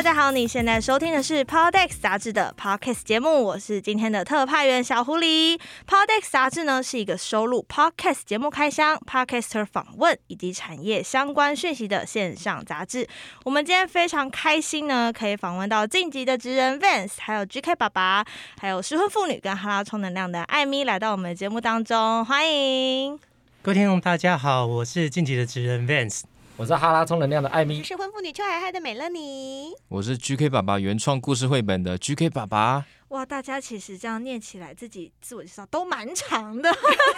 大家好，你現在收聽的是 Podex 雜誌的 Podcast 節目，我是今天的特派員小狐狸。Podex 雜誌呢是一個收錄 Podcast 節目開箱、Podcaster 訪問以及產業相關訊息的線上雜誌。我們今天非常開心呢，可以訪問到進擊的職人 Vance，還有 GK 爸爸，還有失婚婦女跟哈拉充能量的愛咪來到我們的節目當中，歡迎各位聽眾，大家好，我是進擊的職人 Vance。我是哈拉充能量的愛咪，失婚婦女 Chill High High 的美樂妮，我是 GK 爸爸原創故事繪本的 GK 爸爸。哇，大家其實這樣唸起來，自己自我介紹都蠻長的，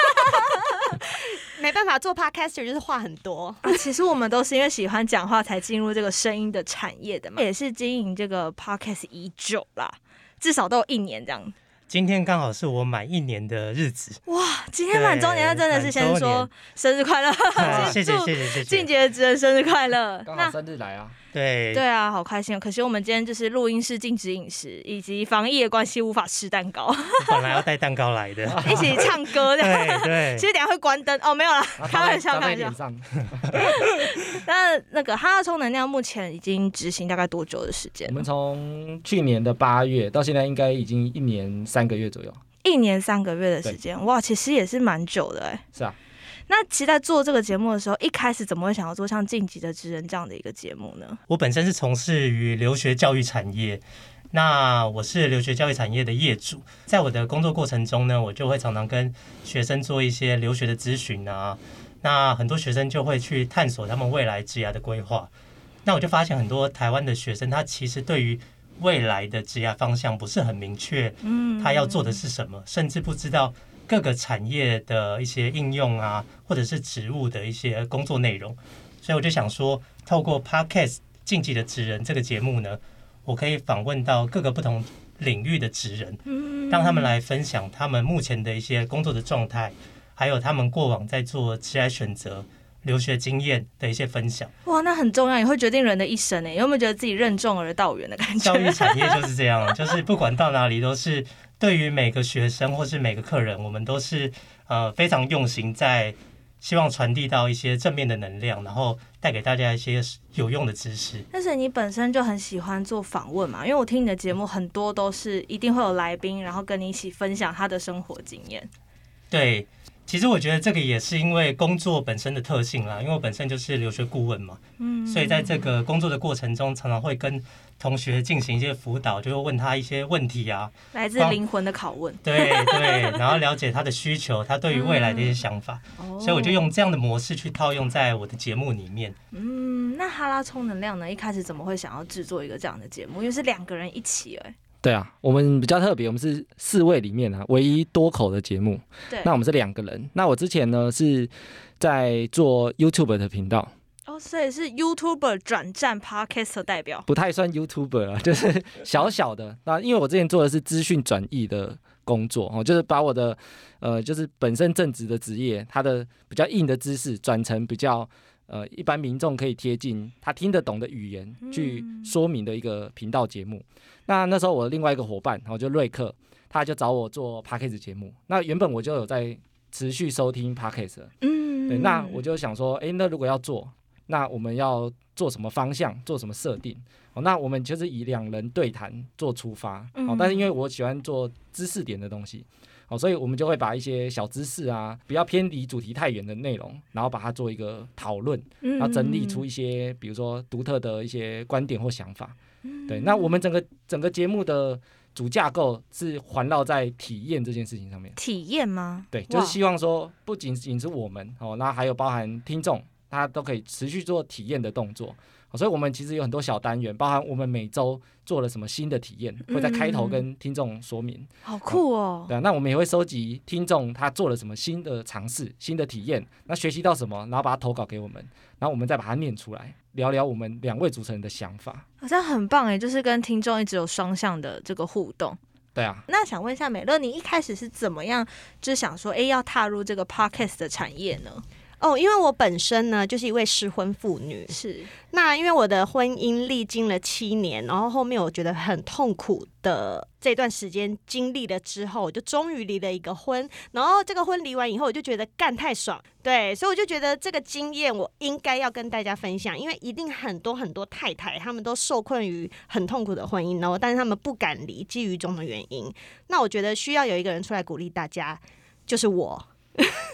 沒辦法，做 Podcaster 就是話很多、啊。其實我們都是因為喜歡講話才進入這個聲音的產業的嘛，也是經營這個 Podcast 已久啦，至少都有一年這樣。今天剛好是我滿一年的日子，哇！今天滿週年。那對真的是先說生日快樂。謝謝謝謝謝謝，先祝進擊的職人生日快樂，剛好生日來啊。那對對啊，好開心！可是我們今天就是錄音室禁止飲食以及防疫的關係，無法吃蛋糕。本來要帶蛋糕來的，一起唱歌的。對，其實等下會關燈哦，沒有啦，開玩笑，開玩笑。那那個哈拉充能量目前已經執行大概多久的時間？我們從去年的八月到現在，應該已經一年三個月左右。一年三個月的時間，哇，其實也是蠻久的哎。是啊。那其實，在做這個節目的時候，一開始怎麼會想要做像《進擊的職人》這樣的一個節目呢？我本身是從事於留學教育產業，那我是留學教育產業的業主。在我的工作過程中呢，我就會常常跟學生做一些留學的諮詢啊。那很多學生就會去探索他們未來職涯的規劃。那我就發現很多台灣的學生，他其實對於未來的職業方向不是很明確，嗯，他要做的是什麼，嗯嗯甚至不知道。各個產業的一些應用啊，或者是職務的一些工作內容，所以我就想說，透過 Podcast 進擊的職人這個節目呢，我可以訪問到各個不同領域的職人，嗯，讓他們來分享他們目前的一些工作的狀態，還有他們過往在做職業選擇、留學經驗的一些分享。哇，那很重要，也會決定人的一生誒。有沒有覺得自己任重而道遠的感覺？教育產業就是這樣，就是不管到哪裡都是。對於每個學生或是每個客人，我們都是呃非常用心在希望傳遞到一些正面的能量，然後帶給大家一些有用的知識。但是你本身就很喜歡做訪問嘛，因為我聽你的節目，很多都是一定會有來賓，然後跟你一起分享他的生活經驗。對。其實我覺得這個也是因為工作本身的特性啦，因為我本身就是留學顧問嘛，嗯，所以在這個工作的過程中，常常會跟同學進行一些輔導，就會問他一些問題啊，來自靈魂的拷問，對對，對 然後了解他的需求，他對於未來的一些想法，哦、嗯，所以我就用這樣的模式去套用在我的節目裡面。嗯，那哈拉充能量呢？一開始怎麼會想要製作一個這樣的節目？因為是兩個人一起哎、欸。對啊，我們比較特別，我們是四位裡面啊，唯一多口的節目。對，那我們是兩個人。那我之前呢是在做 YouTube 的頻道。哦，所以是 YouTuber 轉戰 Podcast 代表？不太算 YouTuber 啊，就是小小的。那因為我之前做的是資訊轉譯的工作哦，就是把我的呃，就是本身正職的職業，它的比較硬的知識，轉成比較。呃，一般民眾可以貼近他聽得懂的語言去說明的一個頻道節目。嗯、那那時候我的另外一個伙伴，然後、哦、就瑞克，他就找我做 Podcast 節目。那原本我就有在持續收聽 Podcast 嗯，對，那我就想說，哎、欸，那如果要做，那我們要做什麼方向？做什麼設定？哦，那我們就是以兩人對談做出發，哦、嗯、但是因為我喜歡做知識點的東西。所以我們就會把一些小知識啊，比較偏離主題太遠的內容，然後把它做一個討論，然後整理出一些，比如說獨特的一些觀點或想法。對，那我們整個整個節目的主架構是環繞在體驗這件事情上面。體驗嗎？對，就是希望說不僅僅是我們哦，那還有包含聽眾，他都可以持續做體驗的動作。所以，我們其實有很多小單元，包含我們每周做了什麼新的體驗，會在開頭跟聽眾說明。嗯嗯好酷哦！對啊，那我們也會收集聽眾他做了什麼新的嘗試、新的體驗，那學習到什麼，然後把它投稿給我們，然後我們再把它念出來，聊聊我們兩位主持人的想法。好像很棒哎、欸，就是跟聽眾一直有雙向的這個互動。對啊。那想問一下美樂，你一開始是怎麼樣就想說，哎，要踏入這個 Podcast 的產業呢？哦，因為我本身呢就是一位失婚婦女，是那，因為我的婚姻歷經了七年，然後後面我覺得很痛苦的這段時間經歷了之後，我就終於離了一個婚。然後這個婚離完以後，我就覺得幹太爽，對，所以我就覺得這個經驗我應該要跟大家分享，因為一定很多很多太太他們都受困於很痛苦的婚姻哦，然後但是他們不敢離，基於種種的原因。那我覺得需要有一個人出來鼓勵大家，就是我。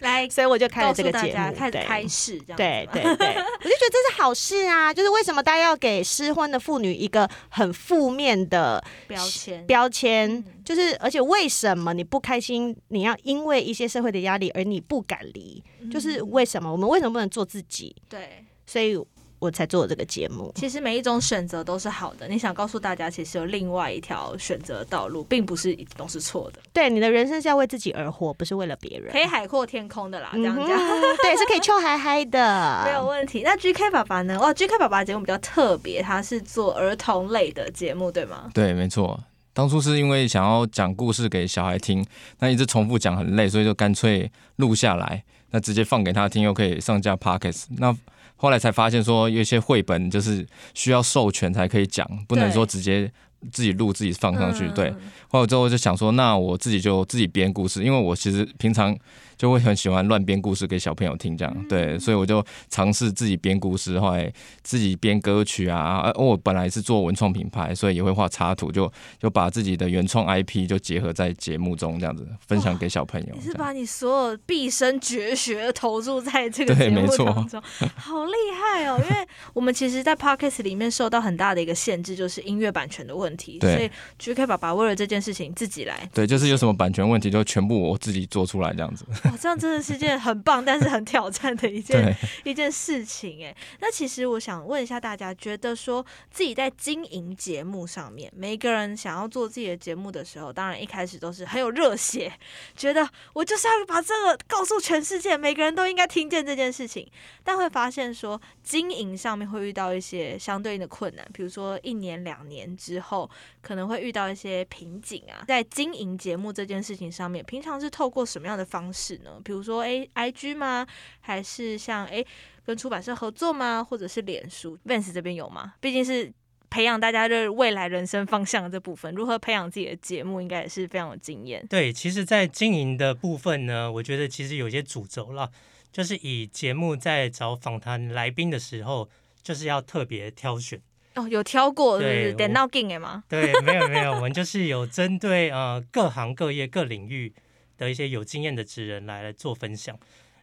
來， 所以我就開了這個節目，開始,開始這樣，對對對， 我就覺得這是好事啊！就是為什麼大家要給失婚的婦女一個很負面的標籤？標籤就是，而且為什麼你不開心，你要因為一些社會的壓力而你不敢離？嗯，就是為什麼我們為什麼不能做自己？對，所以。我才做這個節目。其實每一種選擇都是好的。你想告訴大家，其實有另外一條選擇道路，並不是都是錯的。對，你的人生，是要為自己而活，不是為了別人。可以海闊天空的啦，嗯、哼這樣講， 對，是可以 Chill High High 的，沒有問題。那 GK 爸爸呢？哇，GK 爸爸節目比較特別，他是做兒童類的節目，對嗎？對，沒錯。當初是因為想要講故事給小孩聽，那一直重複講很累，所以就乾脆錄下來，那直接放給他聽，又可以上架 Podcast。那後來才發現說，有些繪本就是需要授權才可以講，不能說直接。自己錄自己放上去，對。後來我之後就想說，那我自己就自己編故事，因為我其實平常就會很喜歡亂編故事給小朋友聽這樣。對，所以我就嘗試自己編故事。後來自己編歌曲啊，啊，我本來是做文創品牌，所以也會畫插圖，就就把自己的原創 IP 就結合在節目中這樣子分享給小朋友。你是把你所有畢生絕學投注在這個節目中，對，沒錯，好厲害哦！因為我們其實，在 Podcast 裡面受到很大的一個限制，就是音樂版權的問。問題，所以 GK 爸爸為了這件事情自己來。對，就是有什麼版權問題，就全部我自己做出來這樣子。哇，這樣真的是件很棒， 但是很挑戰的一件對一件事情誒。那其實我想問一下大家，覺得說自己在經營節目上面，每一個人想要做自己的節目的時候，當然一開始都是很有熱血，覺得我就是要把這個告訴全世界，每個人都應該聽見這件事情。但會發現說，經營上面會遇到一些相對應的困難，比如說一年、兩年之後。可能會遇到一些瓶頸啊，在經營節目這件事情上面，平常是透過什麼樣的方式呢？比如說哎 IG 嗎？還是像哎跟出版社合作嗎？或者是臉書 Vance 這邊有嗎？畢竟是培養大家的未來人生方向的這部分，如何培養自己的節目，應該也是非常有經驗。對，其實，在經營的部分呢，我覺得其實有些主軸了，就是以節目在找訪談來賓的時候，就是要特別挑選。哦、有挑過，是不是對點鬧勁的嗎？對，沒有沒有，我們就是有針對呃各行各業各領域的一些有經驗的職人來來做分享。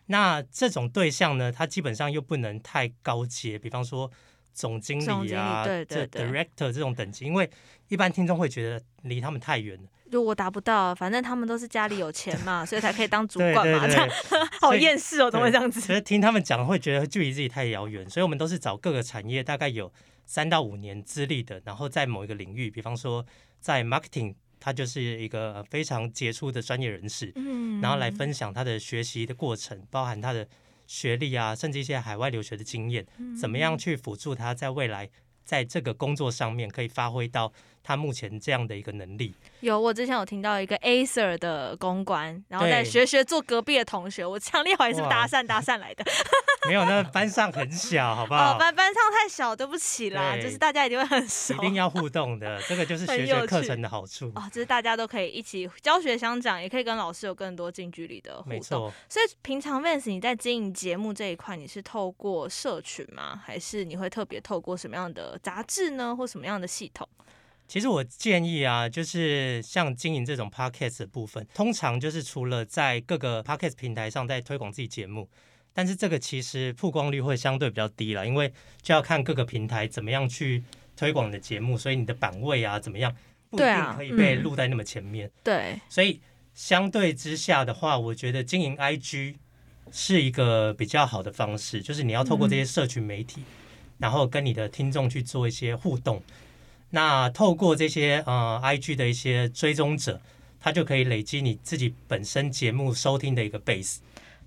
那這種對象呢，他基本上又不能太高階，比方說總經理啊、總理對對對這 director 這種等級，因為一般聽眾會覺得離他們太遠了。如果我達不到，反正他們都是家裡有錢嘛，對所以才可以當主管嘛，對對對這樣好厭世哦，怎麼會這樣子？其實聽他們講會覺得距離自己太遙遠，所以我們都是找各個產業，大概有。三到五年資歷的，然後在某一個領域，比方說在 marketing，他就是一個非常傑出的專業人士，嗯，然後來分享他的學習的過程，包含他的學歷啊，甚至一些海外留學的經驗，怎麼樣去輔助他在未來，在這個工作上面可以發揮到。他目前這樣的一個能力有。我之前有聽到一個 Acer 的公關，然後在學學做隔壁的同學，對我強烈懷疑是搭訕哇搭訕來的， 沒有，那班上很小，好不好？哦，班班上太小，對不起啦，對就是大家一定會很熟，一定要互動的，這個就是學學課程的好處啊，哦就是大家都可以一起教學相長，也可以跟老師有更多近距離的互動。錯所以平常 Vance 你在經營節目這一塊，你是透過社群嗎？還是你會特別透過什麼樣的雜誌呢？或什麼樣的系統？其實我建議啊，就是像經營這種 podcast 的部分，通常就是除了在各個 podcast 平台上在推廣自己節目，但是這個其實曝光率會相對比較低了，因為就要看各個平台怎麼樣去推廣你的節目，所以你的版位啊怎麼樣不一定可以被錄在那麼前面。對，啊嗯、對，所以相對之下的話，我覺得經營 IG 是一個比較好的方式，就是你要透過這些社群媒體，嗯、然後跟你的聽眾去做一些互動。那透過這些呃，IG 的一些追蹤者，他就可以累積你自己本身節目收聽的一個 base。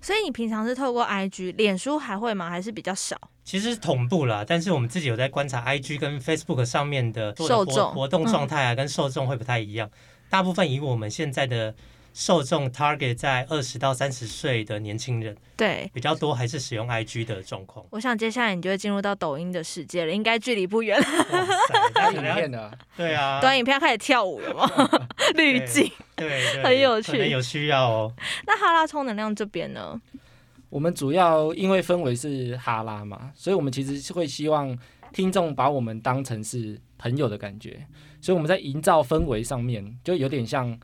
所以你平常是透過 IG、臉書還會嗎？還是比較少？其實是同步啦，但是我們自己有在觀察 IG 跟 Facebook 上面的受眾活動狀態啊，跟受眾會不太一樣。大部分以我們現在的。受眾 target 在二十到三十歲的年輕人。對，比較多還是使用 IG 的狀況。我想接下來你就會進入到抖音的世界了，應該距離不遠了。短影片 對啊，短影片開始跳舞了嗎？濾鏡， 對、對、對，很有趣，很有需要哦。那哈拉充能量這邊呢？我們主要因為氛圍是哈拉嘛，所以我們其實是會希望聽眾把我們當成是朋友的感覺，所以我們在營造氛圍上面就有點像。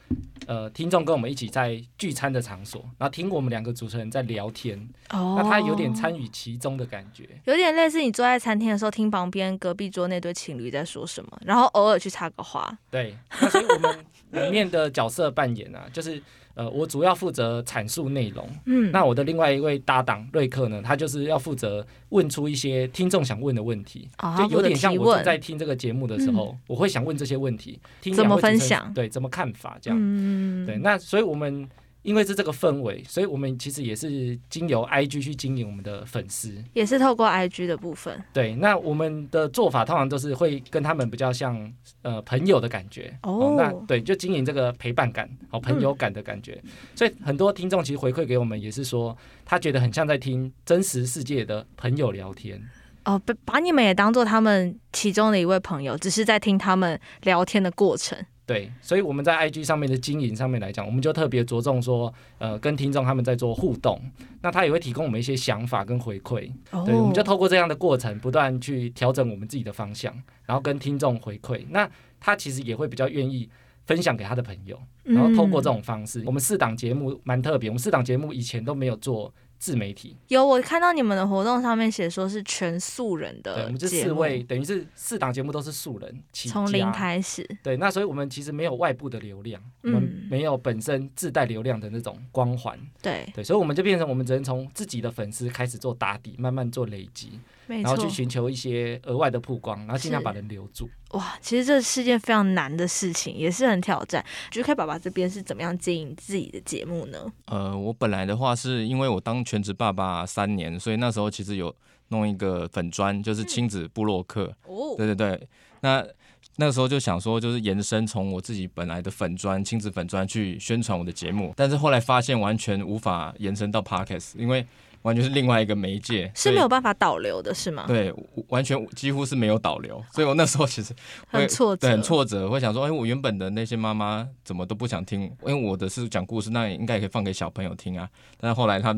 呃，聽眾跟我們一起在聚餐的場所，然後聽我們兩個主持人在聊天，oh, 那他有點參與其中的感覺，有點類似你坐在餐廳的時候，聽旁邊隔壁桌那對情侶在說什麼，然後偶爾去插個話。對，那所以我們裡面的角色扮演啊， 就是。呃，我主要負責闡述內容，嗯、那我的另外一位搭檔瑞克呢，他就是要負責問出一些聽眾想問的問題，哦、就有點像我在聽這個節目的時候，嗯、我會想問這些問題，聽會怎麼分享，對，怎麼看法這樣，嗯、對，那所以我們。因為是這個氛圍，所以我們其實也是經由 IG 去經營我們的粉絲，也是透過 IG 的部分。對，那我們的做法通常都是會跟他們比較像呃朋友的感覺哦,哦。那對，就經營這個陪伴感好、哦、朋友感的感覺。嗯、所以很多聽眾其實回饋給我們也是說，他覺得很像在聽真實世界的朋友聊天哦，把把你們也當做他們其中的一位朋友，只是在聽他們聊天的過程。對，所以我們在 IG 上面的經營上面來講，我們就特別着重說，呃，跟聽眾他們在做互動，那他也會提供我們一些想法跟回饋，哦、對，我們就透過這樣的過程，不斷去調整我們自己的方向，然後跟聽眾回饋，那他其實也會比較願意分享給他的朋友，然後透過這種方式，嗯、我們四檔節目蠻特別，我們四檔節目以前都沒有做。自媒體有，我看到你們的活動上面寫說是全素人的。對，我們這四位節目，等於是四檔節目都是素人，從零開始。對，那所以我們其實沒有外部的流量，嗯，我們沒有本身自帶流量的那種光環。對，對，所以我們就變成我們只能從自己的粉絲開始做打底，慢慢做累積。然後去尋求一些額外的曝光，沒錯。然後儘量把人留住。哇，其實這是件非常難的事情，也是很挑戰。GK 爸爸這邊是怎麼樣經營自己的節目呢？呃，我本來的話是因為我當全職爸爸三年，所以那時候其實有弄一個粉磚，就是親子部落客。嗯、對對哦，對對對，那那個時候就想說，就是延伸從我自己本來的粉磚親子粉磚去宣傳我的節目，但是後來發現完全無法延伸到 Podcast 因為。完全是另外一個媒介，是沒有辦法導流的，是嗎？對，完全幾乎是沒有導流，所以我那時候其實會、啊、很挫折，很挫折，會想說，哎、欸，我原本的那些媽媽怎麼都不想聽？因為我的是講故事，那應該也可以放給小朋友聽啊。但是後來他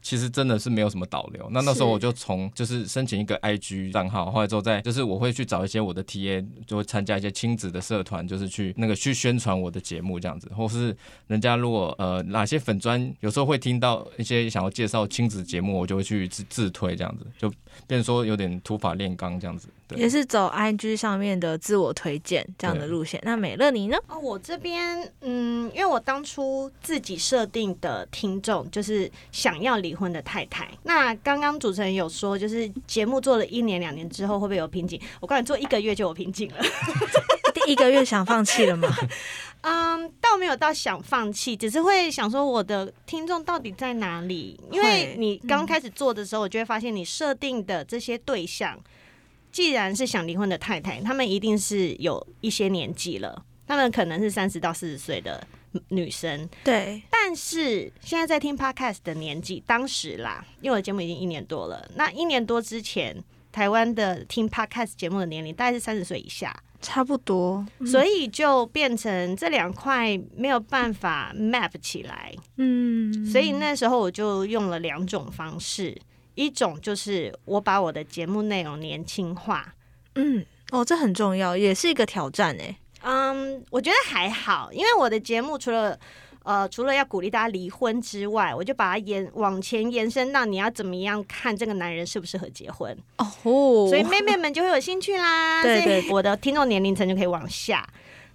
其實真的是沒有什麼導流，那那時候我就從是就是申請一個 IG 賬號，後來之後再就是我會去找一些我的 TA，就會參加一些親子的社團，就是去那個去宣傳我的節目這樣子，或是人家如果呃哪些粉專有時候會聽到一些想要介紹親子。節目，我就會去自自推，這樣子就變成說有點土法煉鋼這樣子，對，也是走 IG 上面的自我推薦這樣的路線。對那美樂你呢？哦，我這邊嗯，因為我當初自己設定的聽眾就是想要離婚的太太。那剛剛主持人有說，就是節目做了一年兩年之後會不會有瓶頸？我剛才做一個月就有瓶頸了。 一個月想放棄了嗎？嗯， um, 倒沒有到想放棄，只是會想說我的聽眾到底在哪裡？因為你剛開始做的時候，我就會發現你設定的這些對象，既然是想離婚的太太，她們一定是有一些年紀了，她們可能是三十到四十歲的女生。對，但是現在在聽 Podcast 的年紀，當時啦，因為我的節目已經一年多了，那一年多之前，台灣的聽 Podcast 節目的年齡大概是三十歲以下。差不多，所以就變成這兩塊沒有辦法 map 起來。嗯，所以那時候我就用了兩種方式，一種就是我把我的節目內容年輕化。嗯，哦，這很重要，也是一個挑戰哎，欸。嗯，um, 我覺得還好，因為我的節目除了。呃，除了要鼓勵大家離婚之外，我就把它延往前延伸到你要怎麼樣看這個男人適不適合結婚哦，oh. 所以妹妹們就會有興趣啦。 對對，對，所以我的聽眾年齡層就可以往下。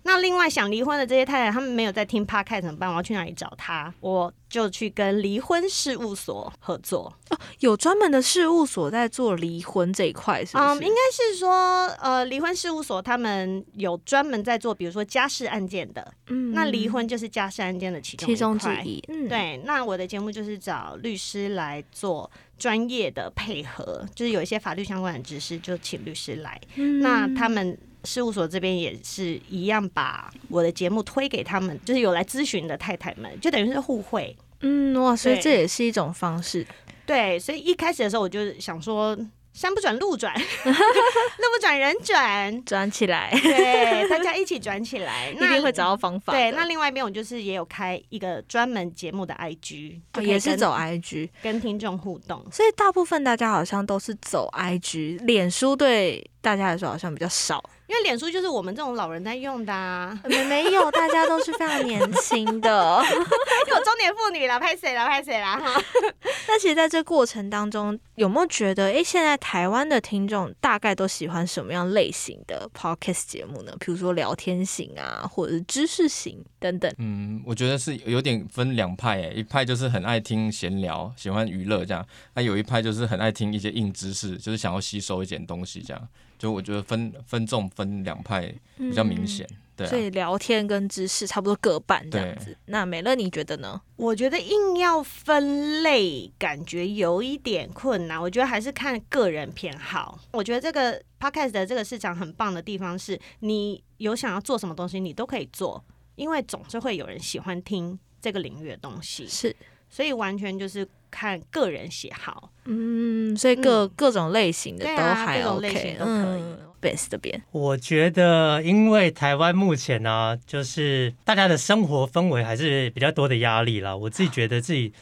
那另外想離婚的這些太太，太，他們沒有在聽 Podcast 怎麼辦？我要去哪裡找他？我就去跟離婚事務所合作哦。啊。有專門的事務所在做離婚這一塊，是嗎？啊，應該是說，呃，離婚事務所他們有專門在做，比如說家事案件的。嗯，那離婚就是家事案件的其中其中之一。嗯，對，那我的節目就是找律師來做專業的配合，就是有一些法律相關的知識，就請律師來。嗯、那他們。事務所這邊也是一樣，把我的節目推給他們，就是有來諮詢的太太們，就等於是互惠。嗯，哇，所以這也是一種方式。對，對，所以一開始的時候我就想說，山不轉路轉， 路不轉人轉，轉 起來，對，大家一起轉起來，那一定會找到方法。對，那另外一邊我就是也有開一個專門節目的 IG，也是走 IG 跟聽眾互動。所以大部分大家好像都是走 IG，臉書對，大家來說好像比較少，因為臉書就是我們這種老人在用的啊，嗯、沒有，大家都是非常年輕的， 有中年婦女啦，歹勢啦，歹勢啦哈。 那其實在這過程當中，有沒有覺得，哎、欸，現在台灣的聽眾大概都喜歡什麼樣類型的 Podcast 節目呢？比如說聊天型啊，或者是知識型等等。嗯，我覺得是有點分兩派哎、欸，一派就是很愛聽閒聊，喜歡娛樂這樣；那有一派就是很愛聽一些硬知識，就是想要吸收一點東西這樣。所以我覺得分分重，分兩派比較明顯，嗯、對、啊。所以聊天跟知識差不多各半這樣子。對那美樂你覺得呢？我覺得硬要分類，感覺有一點困難。我覺得還是看個人偏好。我覺得這個 Podcast 的這個市場很棒的地方是，你有想要做什麼東西，你都可以做，因為總是會有人喜歡聽這個領域的東西。是，所以完全就是。看個人喜好，嗯，所以各、嗯、各種類型的都還 OK、啊、都可以。best 這邊、嗯，bit 我覺得因為台灣目前呢、啊，就是大家的生活氛圍還是比較多的壓力啦，我自己覺得自己，oh.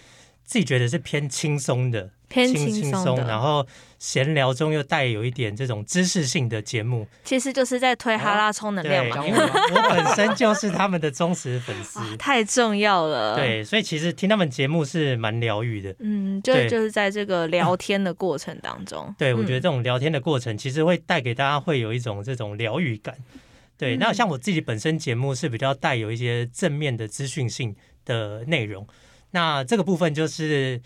自己覺得是偏輕鬆的。偏輕鬆，輕輕鬆，然後閒聊中又帶有一點這種知識性的節目，其實就是在推哈拉充能量嘛。哦、因為我， 我本身就是他們的忠實粉絲，啊、太重要了。對，所以其實聽他們節目是蠻療癒的。嗯，就對就是在這個聊天的過程當中，嗯、對，我覺得這種聊天的過程其實會帶給大家會有一種這種療癒感。嗯、對，那像我自己本身節目是比較帶有一些正面的資訊性的內容，那這個部分就是。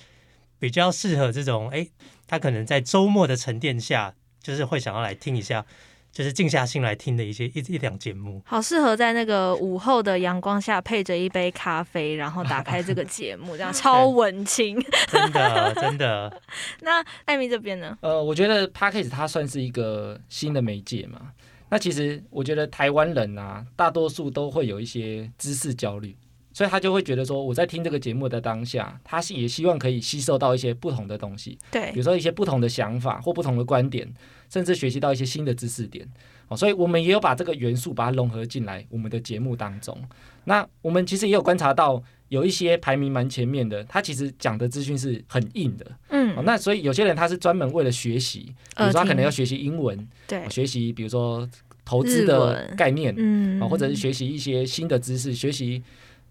比較適合這種，哎、欸，他可能在週末的沉澱下，就是會想要來聽一下，就是靜下心來聽的一些一一兩節目，好適合在那個午後的陽光下，配着一杯咖啡，然後打開這個節目，這樣 超文青， 真的真的。 那艾米這邊呢？呃，我覺得 Podcast 它算是一個新的媒介嘛。那其實我覺得台灣人啊，大多數都會有一些知識焦慮。所以他就會覺得說，我在聽這個節目的當下，他是也希望可以吸收到一些不同的東西，對，比如說一些不同的想法或不同的觀點，甚至學習到一些新的知識點。哦，所以我們也有把這個元素把它融合進來我們的節目當中。那我們其實也有觀察到，有一些排名蠻前面的，他其實講的資訊是很硬的，嗯、哦，那所以有些人他是專門為了學習，比如說他可能要學習英文，對，學習比如說投資的概念，嗯、哦，或者是學習一些新的知識，學習。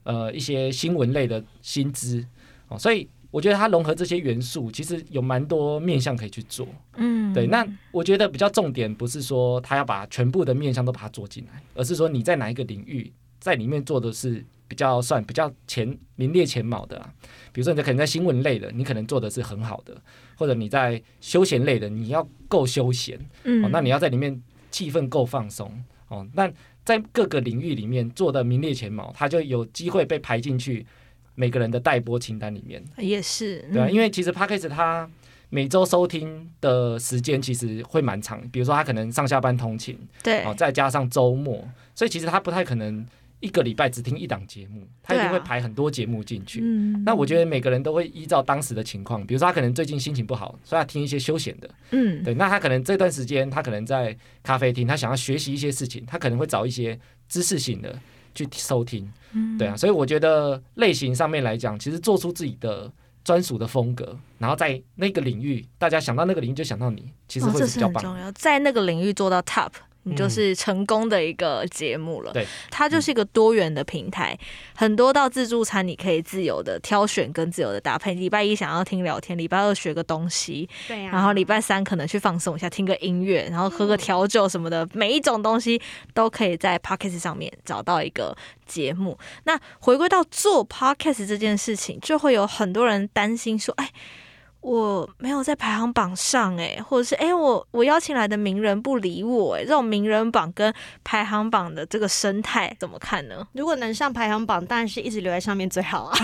呃，一些新聞類的薪資，哦，所以我覺得它融合這些元素，其實有蠻多面向可以去做，嗯，對。那我覺得比較重點不是說他要把全部的面向都把它做進來，而是說你在哪一個領域，在裡面做的是比較算比較前名列前茅的啊。比如說，你可能在新聞類的，你可能做的是很好的，或者你在休閒類的，你要夠休閒，嗯、哦，那你要在裡面氣氛夠放鬆，哦，那。在各個領域裡面做的名列前茅，他就有機會被排進去每個人的待播清單裡面。也是，嗯、對，因為其實 Podcast 他每周收聽的時間其實會蠻長，比如說他可能上下班通勤，對，再加上周末，所以其實他不太可能。一個禮拜只聽一檔節目，他一定會排很多節目進去。對啊、嗯、那我覺得每個人都會依照當時的情況，比如說他可能最近心情不好，所以他聽一些休閒的。嗯，對。那他可能這段時間，他可能在咖啡廳，他想要學習一些事情，他可能會找一些知識性的去收聽。嗯、對啊。所以我覺得類型上面來講，其實做出自己的專屬的風格，然後在那個領域，大家想到那個領域就想到你，其實會比較棒，在那個領域做到 top。你就是成功的一個節目了，嗯、對，嗯、它就是一個多元的平台，很多到自助餐，你可以自由的挑選跟自由的搭配。禮拜一想要聽聊天，禮拜二學個東西，對、啊，然後禮拜三可能去放鬆一下，聽個音樂，然後喝個調酒什麼的，嗯、每一種東西都可以在 Podcast 上面找到一個節目。那回歸到做 Podcast 這件事情，就會有很多人擔心說，哎。我沒有在排行榜上誒、欸，或者是誒、欸，我我邀請來的名人不理我誒、欸。這種名人榜跟排行榜的這個生態怎麼看呢？如果能上排行榜，當然是一直留在上面最好啊。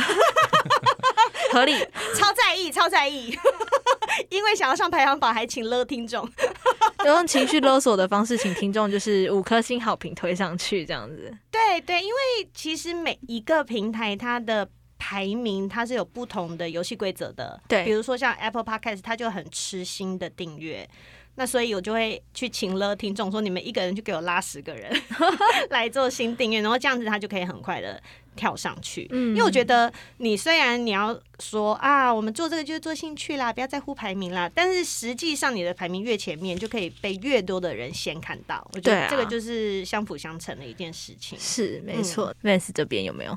合理，超在意，超在意， 因為想要上排行榜，還請勒聽眾， 有用情緒勒索的方式請聽眾，就是五顆星好評推上去這樣子。對對，因為其實每一個平台它的。排名它是有不同的遊戲規則的，對，比如說像 Apple Podcast，它就很吃新的訂閱，那所以我就會去請了聽眾說，你們一個人就給我拉十個人 來做新訂閱，然後這樣子它就可以很快的跳上去。嗯，因為我覺得你雖然你要說啊，我們做這個就是做興趣啦，不要在乎排名啦，但是實際上你的排名越前面，就可以被越多的人先看到。我覺得這個就是相輔相成的一件事情。啊嗯、是，沒錯。Vance 這邊有沒有？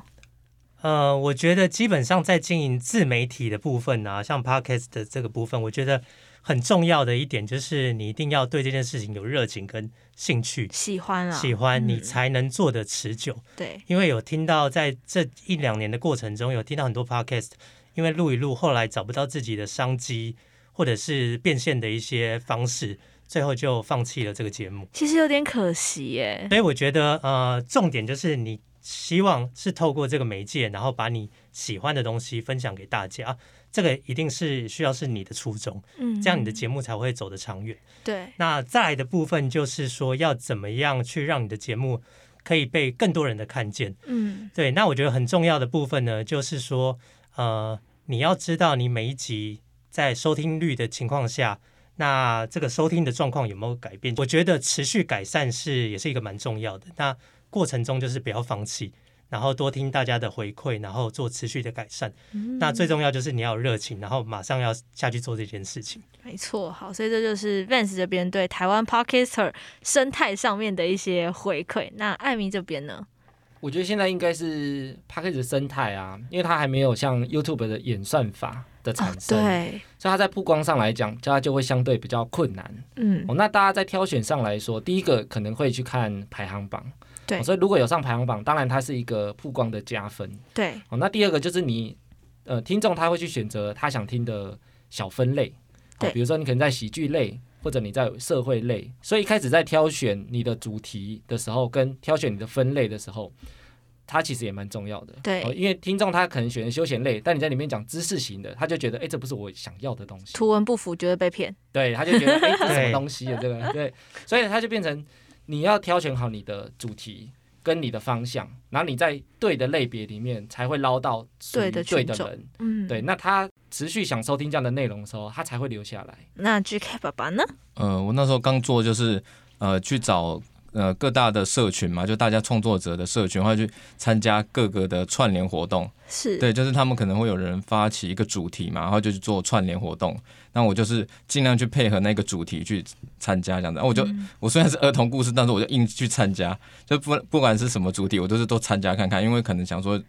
呃，我覺得基本上在經營自媒體的部分啊，像 podcast 的這個部分，我覺得很重要的一點就是，你一定要對這件事情有熱情跟興趣，喜歡啊，喜歡你才能做得持久。嗯、對，因為有聽到在這一兩年的過程中，有聽到很多 podcast，因為錄一錄後來找不到自己的商機或者是變現的一些方式，最後就放棄了這個節目。其實有點可惜耶。所以我覺得，呃，重點就是你。希望是透過這個媒介，然後把你喜歡的東西分享給大家。啊，這個一定是需要是你的初衷，嗯，這樣你的節目才會走得長遠。對，那再來的部分就是說，要怎麼樣去讓你的節目可以被更多人的看見？嗯，對。那我覺得很重要的部分呢，就是說，呃，你要知道你每一集在收聽率的情況下，那這個收聽的狀況有沒有改變？我覺得持續改善是也是一個蠻重要的。那過程中就是不要放棄，然後多聽大家的回饋，然後做持續的改善。嗯、那最重要就是你要有熱情，然後馬上要下去做這件事情。沒錯，好，所以這就是 Vance 這邊對台灣 Podcaster 生態上面的一些回饋。那艾米這邊呢？我覺得現在應該是 Podcast 生態啊，因為它還沒有像 YouTube 的演算法的產生，哦、對，所以它在曝光上來講，就它就會相對比較困難。嗯、哦，那大家在挑選上來說，第一個可能會去看排行榜。對哦、所以如果有上排行榜，當然它是一個曝光的加分。對、哦，那第二個就是你，呃，聽眾他會去選擇他想聽的小分類對。比如說你可能在喜劇類，或者你在社會類，所以一開始在挑選你的主題的時候，跟挑選你的分類的時候，它其實也蠻重要的。對、哦，因為聽眾他可能選擇休閒類，但你在裡面講知識型的，他就覺得哎、欸，這不是我想要的東西。圖文不符，覺得被騙。對，他就覺得哎，欸、這什麼東西啊？這個 對，對，所以他就變成。你要挑選好你的主題跟你的方向，然後你在對的類別裡面才會撈到對的對的人，嗯，對。那他持續想收聽這樣的內容的時候，他才會留下來。那 GK 爸爸呢？呃，我那時候剛做就是呃去找。呃，各大的社群嘛，就大家創作者的社群，或者去參加各個的串聯活動。是對，就是他們可能會有人發起一個主題嘛，然後就去做串聯活動。那我就是盡量去配合那個主題去參加這樣子。然後，啊，我就，嗯，我雖然是兒童故事，但是我就硬去參加，就不不管是什麼主題，我都是都參加看看，因為可能想說。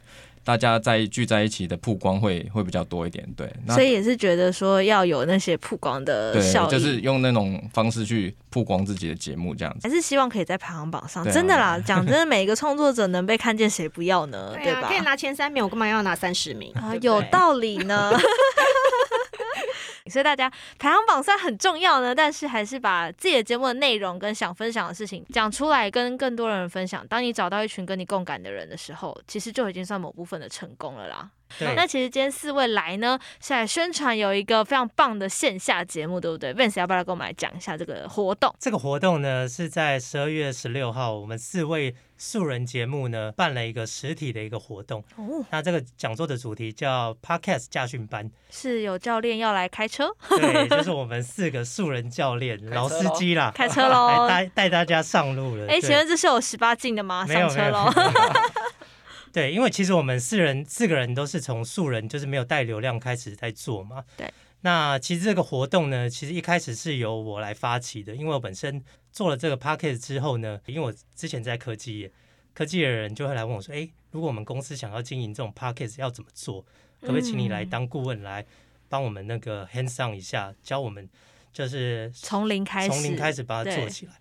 大家在聚在一起的曝光會會比較多一點，對。所以也是覺得說要有那些曝光的效果，就是用那種方式去曝光自己的節目，這樣子還是希望可以在排行榜上。對真的啦，講 真的，每一個創作者能被看見，誰不要呢？對，啊、對吧？可以拿前三名，我幹嘛要拿三十名啊？有道理呢。 所以大家排行榜雖然很重要呢，但是還是把自己的節目的內容跟想分享的事情講出來，跟更多人分享。當你找到一群跟你共感的人的時候，其實就已經算某部分的成功了啦。對啊、那其實今天四位來呢，是來宣傳有一個非常棒的線下節目，對不對？Vance 要不要跟我們來講一下這個活動？這個活動呢是在十二月十六號，我們四位素人節目呢辦了一個實體的一個活動。哦。那這個講座的主題叫 Podcast 駕訓班，是有教練要來開車？ 對，就是我們四個素人教練，老司機啦，開車嘍，啊、帶帶大家上路了。哎誒，請問對這是有十八禁的嗎？上車嘍。 對，因為其實我們四人四個人都是從素人，就是沒有帶流量開始在做嘛。對。那其實這個活動呢，其實一開始是由我來發起的，因為我本身做了這個 Podcast 之後呢，因為我之前在科技業，科技的人就會來問我說：“哎，如果我們公司想要經營這種 Podcast 要怎麼做？可不可以請你來當顧問、嗯、來幫我們那個 hands on 一下，教我們就是從零開始，從零開始把它做起來？”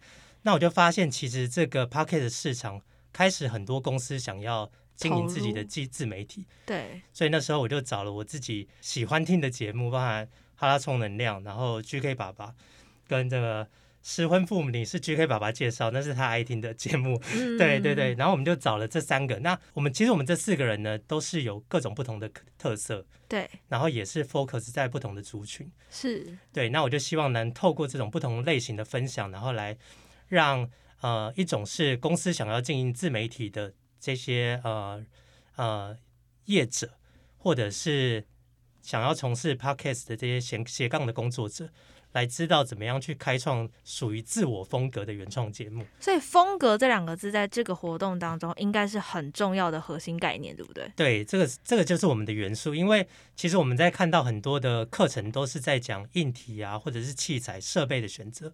那我就發現，其實這個 Podcast 的市場開始很多公司想要。經營自己的自自媒體，對，所以那時候我就找了我自己喜歡聽的節目，包含《哈拉充能量》，然後 GK 爸爸跟這個失婚婦女，你是 GK 爸爸介紹，那是他愛聽的節目，嗯、對對對，然後我們就找了這三個。那我們其實我們這四個人呢，都是有各種不同的特色，對，然後也是 focus 在不同的族群，是對。那我就希望能透過這種不同類型的分享，然後來讓呃一種是公司想要經營自媒體的。這些呃呃業者，或者是想要從事 Podcast 的這些斜斜槓的工作者，來知道怎麼樣去開創屬於自我風格的原創節目。所以，風格這兩個字在這個活動當中應該是很重要的核心概念，對不對？對，這個這個就是我們的元素。因為其實我們在看到很多的課程都是在講硬體啊，或者是器材設備的選擇。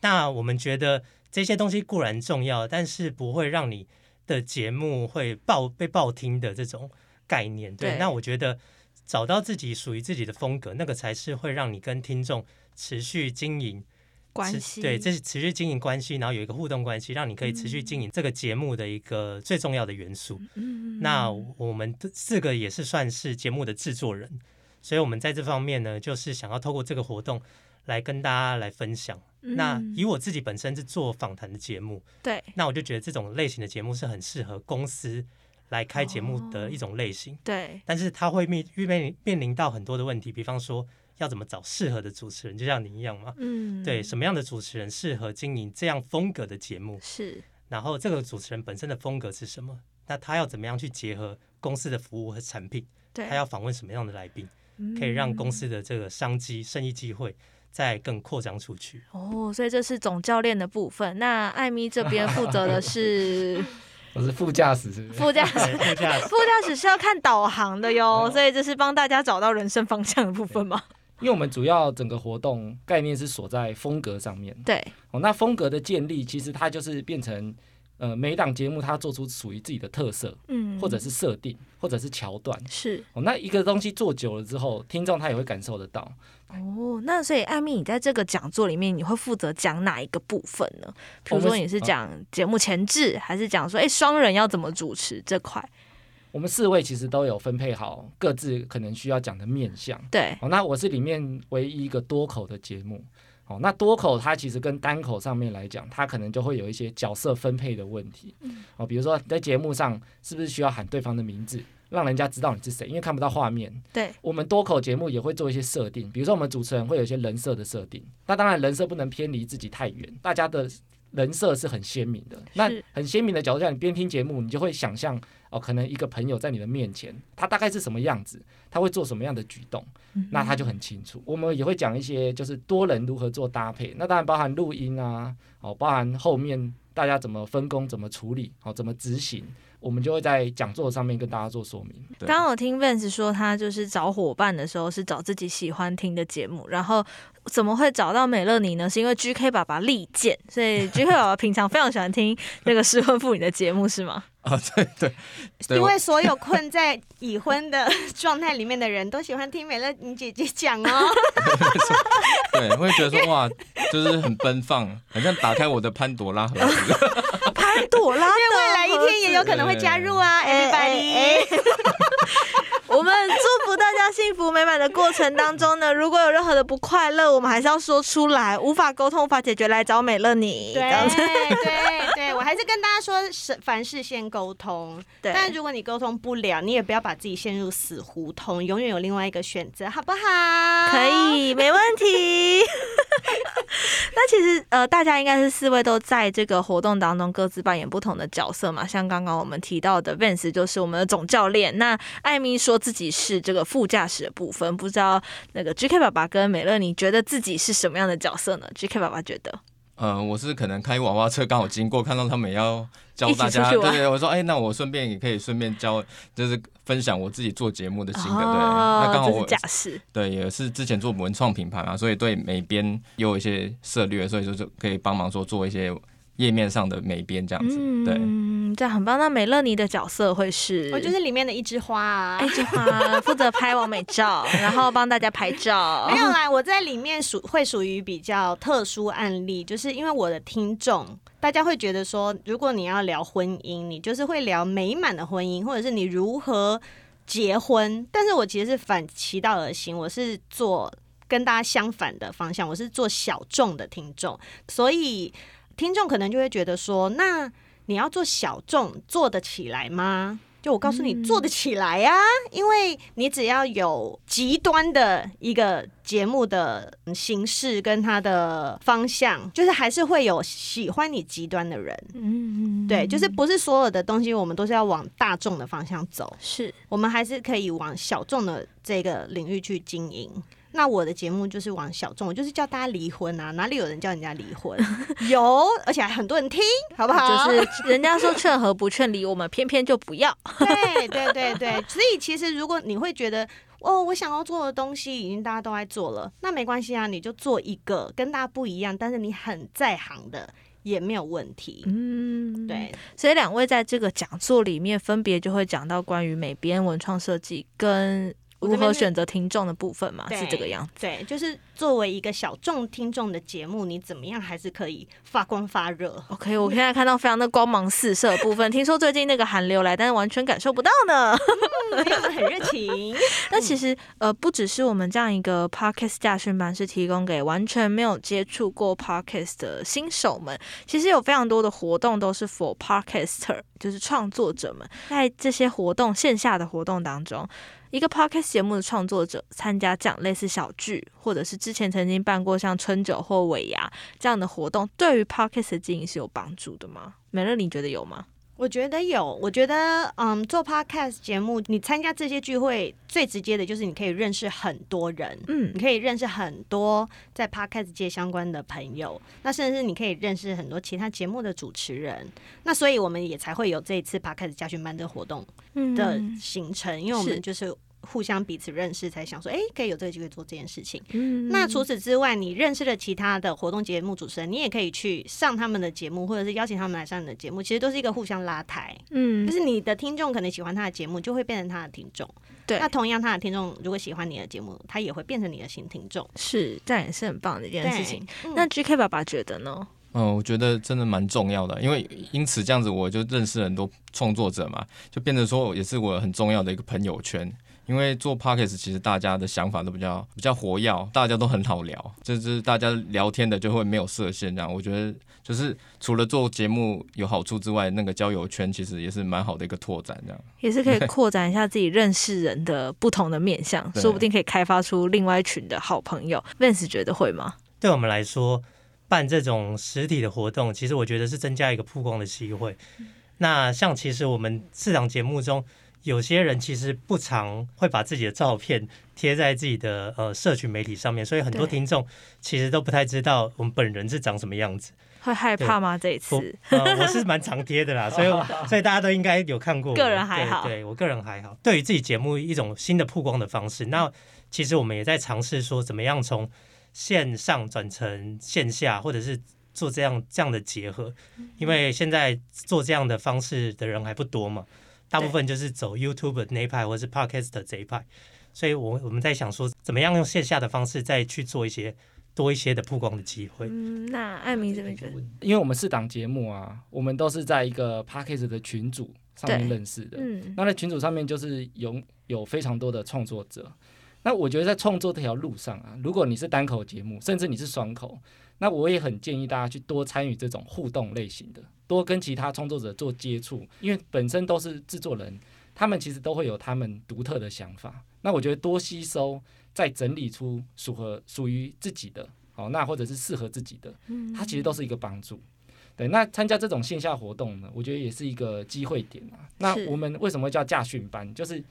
那我們覺得這些東西固然重要，但是不會讓你。的節目會爆被爆聽的這種概念，對，對，那我覺得找到自己屬於自己的風格，那個才是會讓你跟聽眾持續經營關係。對，這是持續經營關係，然後有一個互動關係，讓你可以持續經營這個節目的一個最重要的元素。嗯，那我們四個也是算是節目的製作人，所以我們在這方面呢，就是想要透過這個活動來跟大家來分享。那以我自己本身是做訪談的節目，嗯，對，那我就覺得這種類型的節目是很適合公司來開節目的一種類型，哦、對。但是它會面面面臨到很多的問題，比方說要怎麼找適合的主持人，就像您一樣嘛，嗯，對，什麼樣的主持人適合經營這樣風格的節目？是。然後這個主持人本身的風格是什麼？那他要怎麼樣去結合公司的服務和產品？對。他要訪問什麼樣的來賓，嗯、可以讓公司的這個商機、生意機會，再更擴張出去哦，所以這是總教練的部分。那愛咪這邊負責的是， 我是副駕駛，是不是副駕駛？ 副駕駛是要看導航的喲。 所以這是幫大家找到人生方向的部分嗎？因為我們主要整個活動概念是鎖在風格上面，對哦。那風格的建立，其實它就是變成。呃，每一檔節目它做出屬於自己的特色，嗯，或者是設定，或者是橋段，是哦。那一個東西做久了之後，聽眾他也會感受得到。哦，那所以愛咪，你在這個講座裡面，你會負責講哪一個部分呢？比如說你是講節目前製，啊、還是講說，哎，雙人要怎麼主持這塊？我們四位其實都有分配好各自可能需要講的面向。對，哦，那我是裡面唯一一個多口的節目。哦，那多口它其實跟單口上面來講，它可能就會有一些角色分配的問題。哦，比如說在節目上是不是需要喊對方的名字，讓人家知道你是誰，因為看不到畫面。對，我們多口節目也會做一些設定，比如說我們主持人會有一些人設的設定。那當然人設不能偏離自己太遠，大家的人設是很鮮明的。那很鮮明的角度下，你邊聽節目，你就會想象。可能一個朋友在你的面前，他大概是什麼樣子，他會做什麼樣的舉動，嗯、哼那他就很清楚。我們也會講一些，就是多人如何做搭配。那當然包含錄音啊，哦，包含後面大家怎麼分工，怎麼處理，哦，怎麼執行，我們就會在講座上面跟大家做說明。剛對我聽 Vance 說，他就是找夥伴的時候是找自己喜歡聽的節目，然後怎麼會找到美樂妮呢？是因為 GK 爸爸力薦，所以 GK 爸爸平常非常喜歡聽那個失婚婦女的節目， 是嗎？啊，對對，因為所有困在已婚的狀態裡面的人都喜歡聽美樂妮姐姐講哦。對，會覺得說哇，就是很奔放，好像打開我的潘朵拉盒子，潘朵拉，對未來一天也有可能會加入啊，everybody 我們祝福大家幸福美滿的過程當中呢，如果有任何的不快樂，我們還是要說出來，無法溝通、無法解決，來找美樂妮。對對對。還是跟大家說，是凡事先溝通。對，但如果你溝通不了，你也不要把自己陷入死胡同，永遠有另外一個選擇，好不好？可以，沒問題。 那其實呃，大家應該是四位都在這個活動當中各自扮演不同的角色嘛。像剛剛我們提到的 Vance 就是我們的總教練。那愛咪說自己是這個副駕駛的部分，不知道那個 GK 爸爸跟美樂，你覺得自己是什麼樣的角色呢？GK 爸爸覺得。嗯、呃，我是可能開娃娃車剛好經過，看到他們也要教大家，對對，我說，哎、欸，那我順便也可以順便教，就是分享我自己做節目的心得。哦、對，那剛好我是假對，也是之前做文創品牌嘛，所以對美編有一些涉獵，所以就是可以幫忙說做一些。頁面上的美編這樣子，嗯、對，這樣很棒。那美樂妮的角色會是，我就是裡面的一枝花，啊，一枝花負責拍完美照， 然後幫大家拍照。 沒有啦，我在裡面屬會屬於比較特殊案例，就是因為我的聽眾，大家會覺得說，如果你要聊婚姻，你就是會聊美滿的婚姻，或者是你如何結婚。但是我其實是反其道而行，我是做跟大家相反的方向，我是做小眾的聽眾，所以。聽眾可能就會覺得說，那你要做小眾，做得起來嗎？就我告訴你，嗯，做得起來呀、啊，因為你只要有極端的一個節目的形式跟它的方向，就是還是會有喜歡你極端的人。嗯，對，就是不是所有的東西我們都是要往大眾的方向走，是我們還是可以往小眾的這個領域去經營。那我的節目就是往小眾，我就是叫大家離婚啊！哪裡有人叫人家離婚？ 有，而且還很多人聽，好不好？就是人家說勸和不勸離， 我們偏偏就不要。對對對對，所以其實如果你會覺得哦，我想要做的東西已經大家都在做了，那沒關係啊，你就做一個跟大家不一樣，但是你很在行的也沒有問題。嗯，對。所以兩位在這個講座裡面分別就會講到關於美編文創設計跟。如何選擇聽眾的部分嘛？對是這個樣子。對，就是作為一個小眾聽眾的節目，你怎麼樣還是可以發光發熱。OK，我現在看到非常的光芒四射部分， 聽說最近那個寒流來，但是完全感受不到呢。朋友們很熱情。 那其實呃，不只是我們這樣一個 Podcast 駕訓班是提供給完全沒有接觸過 Podcast 的新手們，其實有非常多的活動都是 for Podcast，就是創作者們在這些活動線下的活動當中，一個 Podcast 節目的創作者參加這樣類似小聚，或者是之前曾經辦過像春酒或尾牙這樣的活動，對於 Podcast 的經營是有幫助的嗎？美樂，你覺得有嗎？我覺得有，我覺得嗯，做 podcast 節目，你參加這些聚會，最直接的就是你可以認識很多人，嗯，你可以認識很多在 podcast 界相關的朋友，那甚至你可以認識很多其他節目的主持人，那所以我們也才會有這一次 podcast 駕訓班的活動的行程，嗯、因為我們就是。互相彼此認識，才想說，哎、欸，可以有這個機會做這件事情。嗯、那除此之外，你認識了其他的活動節目主持人，你也可以去上他們的節目，或者是邀請他們來上你的節目。其實都是一個互相拉抬。嗯，就是你的聽眾可能喜歡他的節目，就會變成他的聽眾。對，那同樣他的聽眾如果喜歡你的節目，他也會變成你的新聽眾。是，這樣也是很棒的一件事情。嗯、那 GK 爸爸覺得呢？嗯、呃，我覺得真的蠻重要的，因為因此這樣子，我就認識了很多創作者嘛，就變成說也是我很重要的一個朋友圈。因為做 Podcast 其實大家的想法都比較比較活躍，大家都很好聊，就是大家聊天的就會沒有設限這樣。我覺得就是除了做節目有好處之外，那個交友圈其實也是蠻好的一個拓展這樣。也是可以擴展一下自己認識人的不同的面向，對說不定可以開發出另外一群的好朋友。對 Vance 覺得會嗎？對我們來說，辦這種實體的活動，其實我覺得是增加一個曝光的機會。嗯。那像其實我們四檔節目中。有些人其實不常會把自己的照片貼在自己的呃社群媒體上面，所以很多聽眾其實都不太知道我們本人是長什麼樣子。對對會害怕嗎？這一次？我、呃、我是蠻常貼的啦， 所以， 所以，所以大家都應該有看過。個人還好，對，對，我個人還好。對於自己節目一種新的曝光的方式，那其實我們也在嘗試說怎麼樣從線上轉成線下，或者是做這樣這樣的結合，嗯、哼因為現在做這樣的方式的人還不多嘛。大部分就是走 YouTube 的那一派，或者是 Podcast 的這一派，所以我我們在想說，怎麼樣用線下的方式再去做一些多一些的曝光的機會。嗯，那愛咪這邊，覺得？因為我們四檔節目啊，我們都是在一個 Podcast 的群組上面認識的。嗯，那在群組上面就是有有非常多的創作者。那我覺得在創作這條路上啊，如果你是單口節目，甚至你是雙口。那我也很建議大家去多參與這種互動類型的，多跟其他創作者做接觸，因為本身都是制作人，他們其實都會有他們獨特的想法。那我覺得多吸收，再整理出符合屬於自己的，哦，那或者是適合自己的，它其實都是一個幫助。嗯、對，那參加這種線下活動呢，我覺得也是一個機會點啊。那我們為什麼叫駕訓班？就是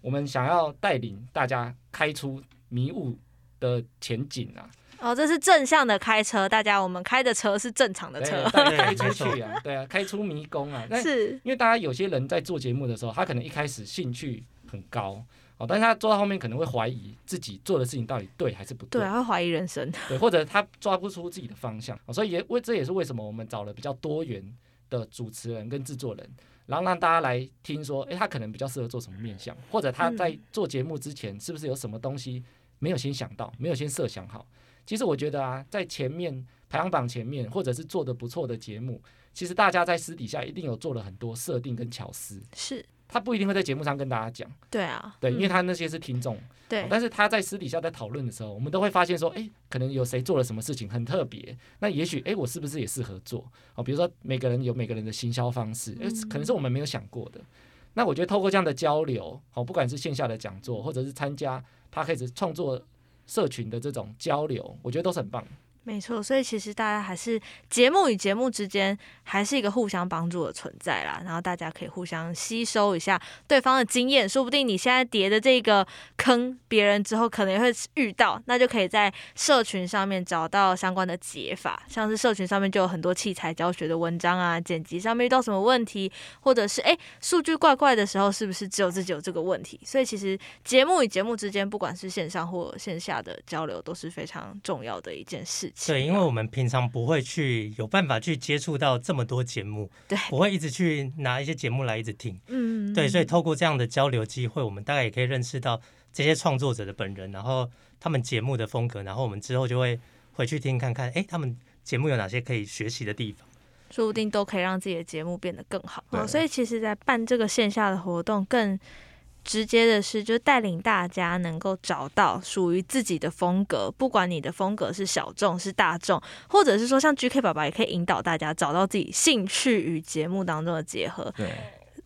我們想要帶領大家開出迷霧的前景啊。哦，這是正向的開車，大家我們開的車是正常的車，對對對開出去啊， 對啊，開出迷宮啊。但是，因為大家有些人在做節目的時候，他可能一開始興趣很高哦，但是他坐到後面可能會懷疑自己做的事情到底對還是不對，對、啊，他會懷疑人生，對，或者他抓不出自己的方向，哦、所以也為這也是為什麼我們找了比較多元的主持人跟製作人，然後讓大家來聽說，哎，他可能比較適合做什麼面向，或者他在做節目之前是不是有什麼東西沒有先想到，沒有先設想好。其實我覺得啊，在前面排行榜前面，或者是做得不錯的節目，其實大家在私底下一定有做了很多設定跟巧思。是。他不一定會在節目上跟大家講。對啊。對，因為他那些是聽眾。嗯、對、哦。但是他在私底下在討論的時候，我們都會發現說，哎，可能有誰做了什麼事情很特別，那也許哎，我是不是也適合做？哦，比如說每個人有每個人的行銷方式，嗯、誒，可能是我們沒有想過的。那我覺得透過這樣的交流，哦，不管是線下的講座，或者是參加他開始創作，社群的這種交流，我覺得都是很棒。沒錯，所以其實大家還是節目與節目之間還是一個互相幫助的存在啦。然後大家可以互相吸收一下對方的經驗，說不定你現在疊的這個坑別人之後可能也會遇到，那就可以在社群上面找到相關的解法。像是社群上面就有很多器材教學的文章啊，剪輯上面遇到什麼問題，或者是哎數據怪怪的時候，是不是只有自己有這個問題？所以其實節目與節目之間，不管是線上或線下的交流，都是非常重要的一件事。對，因為我們平常不會去有辦法去接觸到這麼多節目，對，不會一直去拿一些節目來一直聽，嗯，對，所以透過這樣的交流機會，我們大概也可以認識到這些創作者的本人，然後他們節目的風格，然後我們之後就會回去聽聽看看，哎，他們節目有哪些可以學習的地方，說不定都可以讓自己的節目變得更好。對。哦，所以其實，在辦這個線下的活動更直接的是，就帶領大家能夠找到屬於自己的風格，不管你的風格是小眾是大眾，或者是說像 GK 爸爸也可以引導大家找到自己興趣與節目當中的結合。對。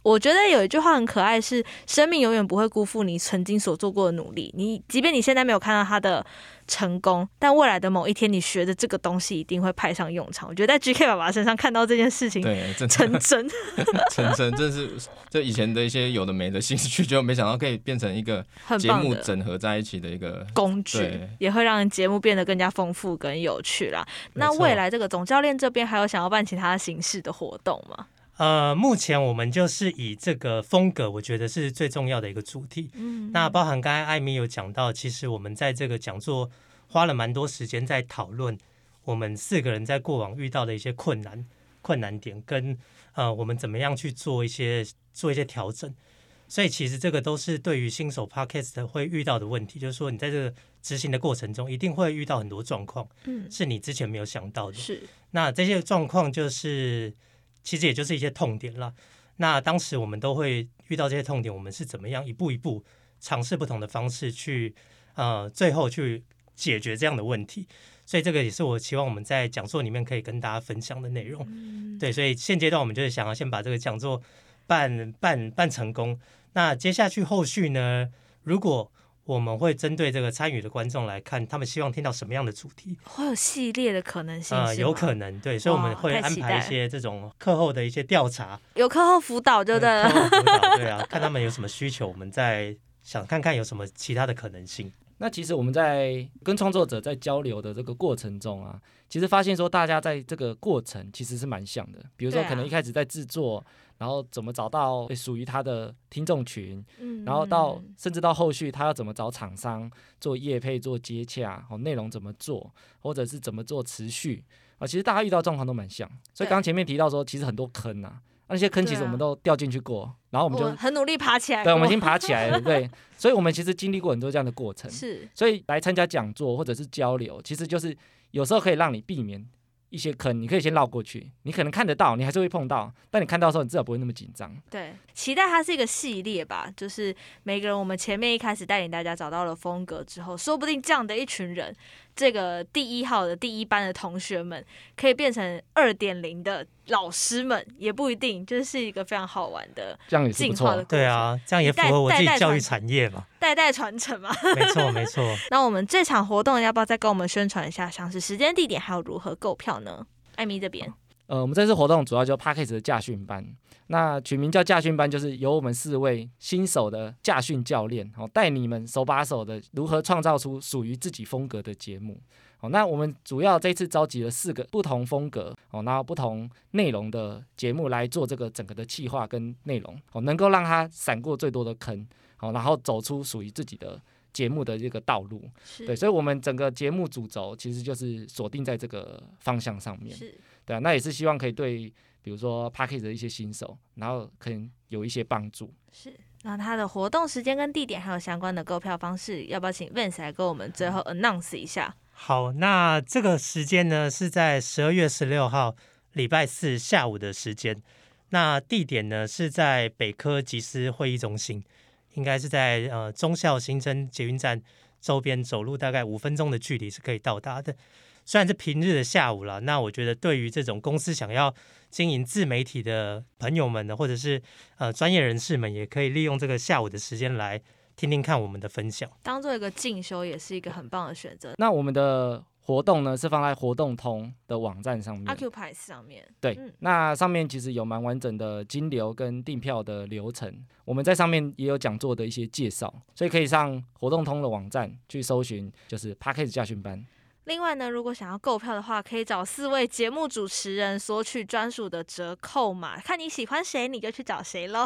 我覺得有一句話很可愛是，是生命永遠不會辜負你曾經所做過的努力。你即便你現在沒有看到他的成功，但未來的某一天，你學的這個東西一定會派上用場。我覺得在 GK 爸爸身上看到這件事情，對，真成真，成真， 真是這以前的一些有的沒的興趣，就沒想到可以變成一個節目整合在一起的一個的工具，對也會讓節目變得更加豐富跟有趣啦。錯那未來這個總教練這邊還有想要辦其他形式的活動嗎？呃，目前我們就是以這個風格，我覺得是最重要的一個主題。嗯，嗯，嗯，那包含剛才愛咪有講到，其實我們在這個講座花了蠻多時間在討論我們四個人在過往遇到的一些困難、困難點，跟呃，我們怎麼樣去做一些做一些調整。所以其實這個都是對於新手 Podcast 會遇到的問題，就是說你在這個執行的過程中，一定會遇到很多狀況，嗯，是你之前沒有想到的。是，那這些狀況就是。其實也就是一些痛點了，那當時我們都會遇到這些痛點，我們是怎麼樣一步一步嘗試不同的方式去，呃，最後去解決這樣的問題。所以這個也是我希望我們在講座裡面可以跟大家分享的內容。嗯、對，所以現階段我們就是想要先把這個講座辦辦辦成功。那接下去後續呢，如果我們會針對這個參與的觀眾來看，他們希望聽到什麼樣的主題？會有系列的可能性啊、呃，有可能對，哇所以我們會安排一些這種課後的一些調查，有課後輔導對不對？嗯，課後輔導，對啊， 看他們有什麼需求，我們再想看看有什麼其他的可能性。那其實我們在跟創作者在交流的這個過程中啊，其實發現說大家在這個過程其實是蠻像的，比如說可能一開始在制作。然後怎麼找到屬於他的聽眾群？嗯，然後到甚至到後續他要怎麼找廠商做業配、做接洽，好內容怎麼做，或者是怎麼做持續啊？其實大家遇到狀況都蠻像，對所以剛前面提到說，其實很多坑啊，那些坑其實我們都掉進去過，啊、然後我們就我很努力爬起來。對，我們已經爬起來了，對不 對？所以我們其實經歷過很多這樣的過程。是，所以來參加講座或者是交流，其實就是有時候可以讓你避免。一些坑，你可以先繞過去。你可能看得到，你還是會碰到，但你看到的時候，你至少不會那麼緊張。對，期待它是一個系列吧，就是每個人，我們前面一開始帶領大家找到了風格之後，說不定這樣的一群人。這個第一號的第一班的同學們可以變成二點零的老師們，也不一定，就是一個非常好玩的進化的過程。啊對啊，這樣也符合我自己教育產業嘛，代代傳、傳承嘛。 沒錯，沒錯。那我們這場活動要不要再跟我們宣傳一下？像是時間、地點，還有如何購票呢？艾米這邊。哦呃，我們這次活動主要就是 Podcast 的駕訓班。那取名叫駕訓班，就是由我們四位新手的駕訓教練好，帶你們手把手的如何創造出屬於自己風格的節目。好，那我們主要這次召集了四個不同風格哦，然後不同內容的節目來做這個整個的企劃跟內容哦，能夠讓他閃過最多的坑，好，然後走出屬於自己的節目的這個道路。是對，所以我們整個節目主軸其實就是鎖定在這個方向上面。對啊，那也是希望可以對，比如說 Podcast 的一些新手，然後可能有一些幫助。是，那它的活動時間跟地點還有相關的購票方式，要不要請 Vance 來跟我們最後 announce 一下，嗯？好，那這個時間呢是在十二月十六號禮拜四下午的時間，那地點呢是在北科集思會議中心，應該是在呃忠孝新生捷運站周邊走路大概五分鐘的距離是可以到達的。雖然是平日的下午了，那我覺得對於這種公司想要經營自媒體的朋友們呢，或者是呃專業人士們，也可以利用這個下午的時間來聽聽看我們的分享，當做一個進修也是一個很棒的選擇。那我們的活動呢是放在活動通的網站上面，Occupies 上面。對，嗯、那上面其實有蠻完整的金流跟訂票的流程，我們在上面也有講座的一些介紹，所以可以上活動通的網站去搜尋，就是 Podcast 駕訓班。另外呢，如果想要購票的話，可以找四位節目主持人索取專屬的折扣碼，看你喜歡誰，你就去找誰嘍。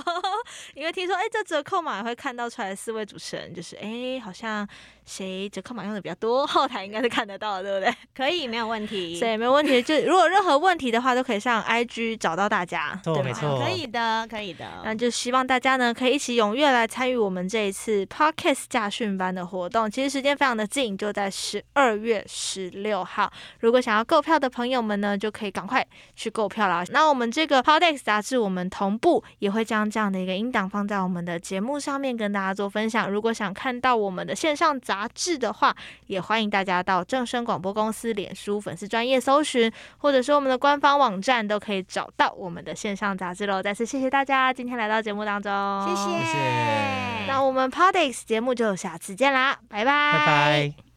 因 為聽說，哎，這折扣碼會看到出來四位主持人，就是哎，好像誰折扣碼用的比較多，後台應該是看得到，對不對？可以，沒有問題。所以沒有問題， 就如果任何問題的話，都可以上 I G 找到大家。 對吧，沒錯，可以的，可以的。那就希望大家呢，可以一起踴躍來參與我們這一次 Podcast 駕訓班的活動。其實時間非常的近，就在十二月十十六號，如果想要購票的朋友們呢，就可以趕快去購票了。那我們這個 Podex 雜誌，我們同步也會將這樣的一個音檔放在我們的節目上面跟大家做分享。如果想看到我們的線上雜誌的話，也歡迎大家到正聲廣播公司臉書粉絲專頁搜尋，或者說我們的官方網站，都可以找到我們的線上雜誌嘍。再次謝謝大家今天來到節目當中，哦、謝謝。那我們 Podex 節目就下次見啦，拜拜，拜拜。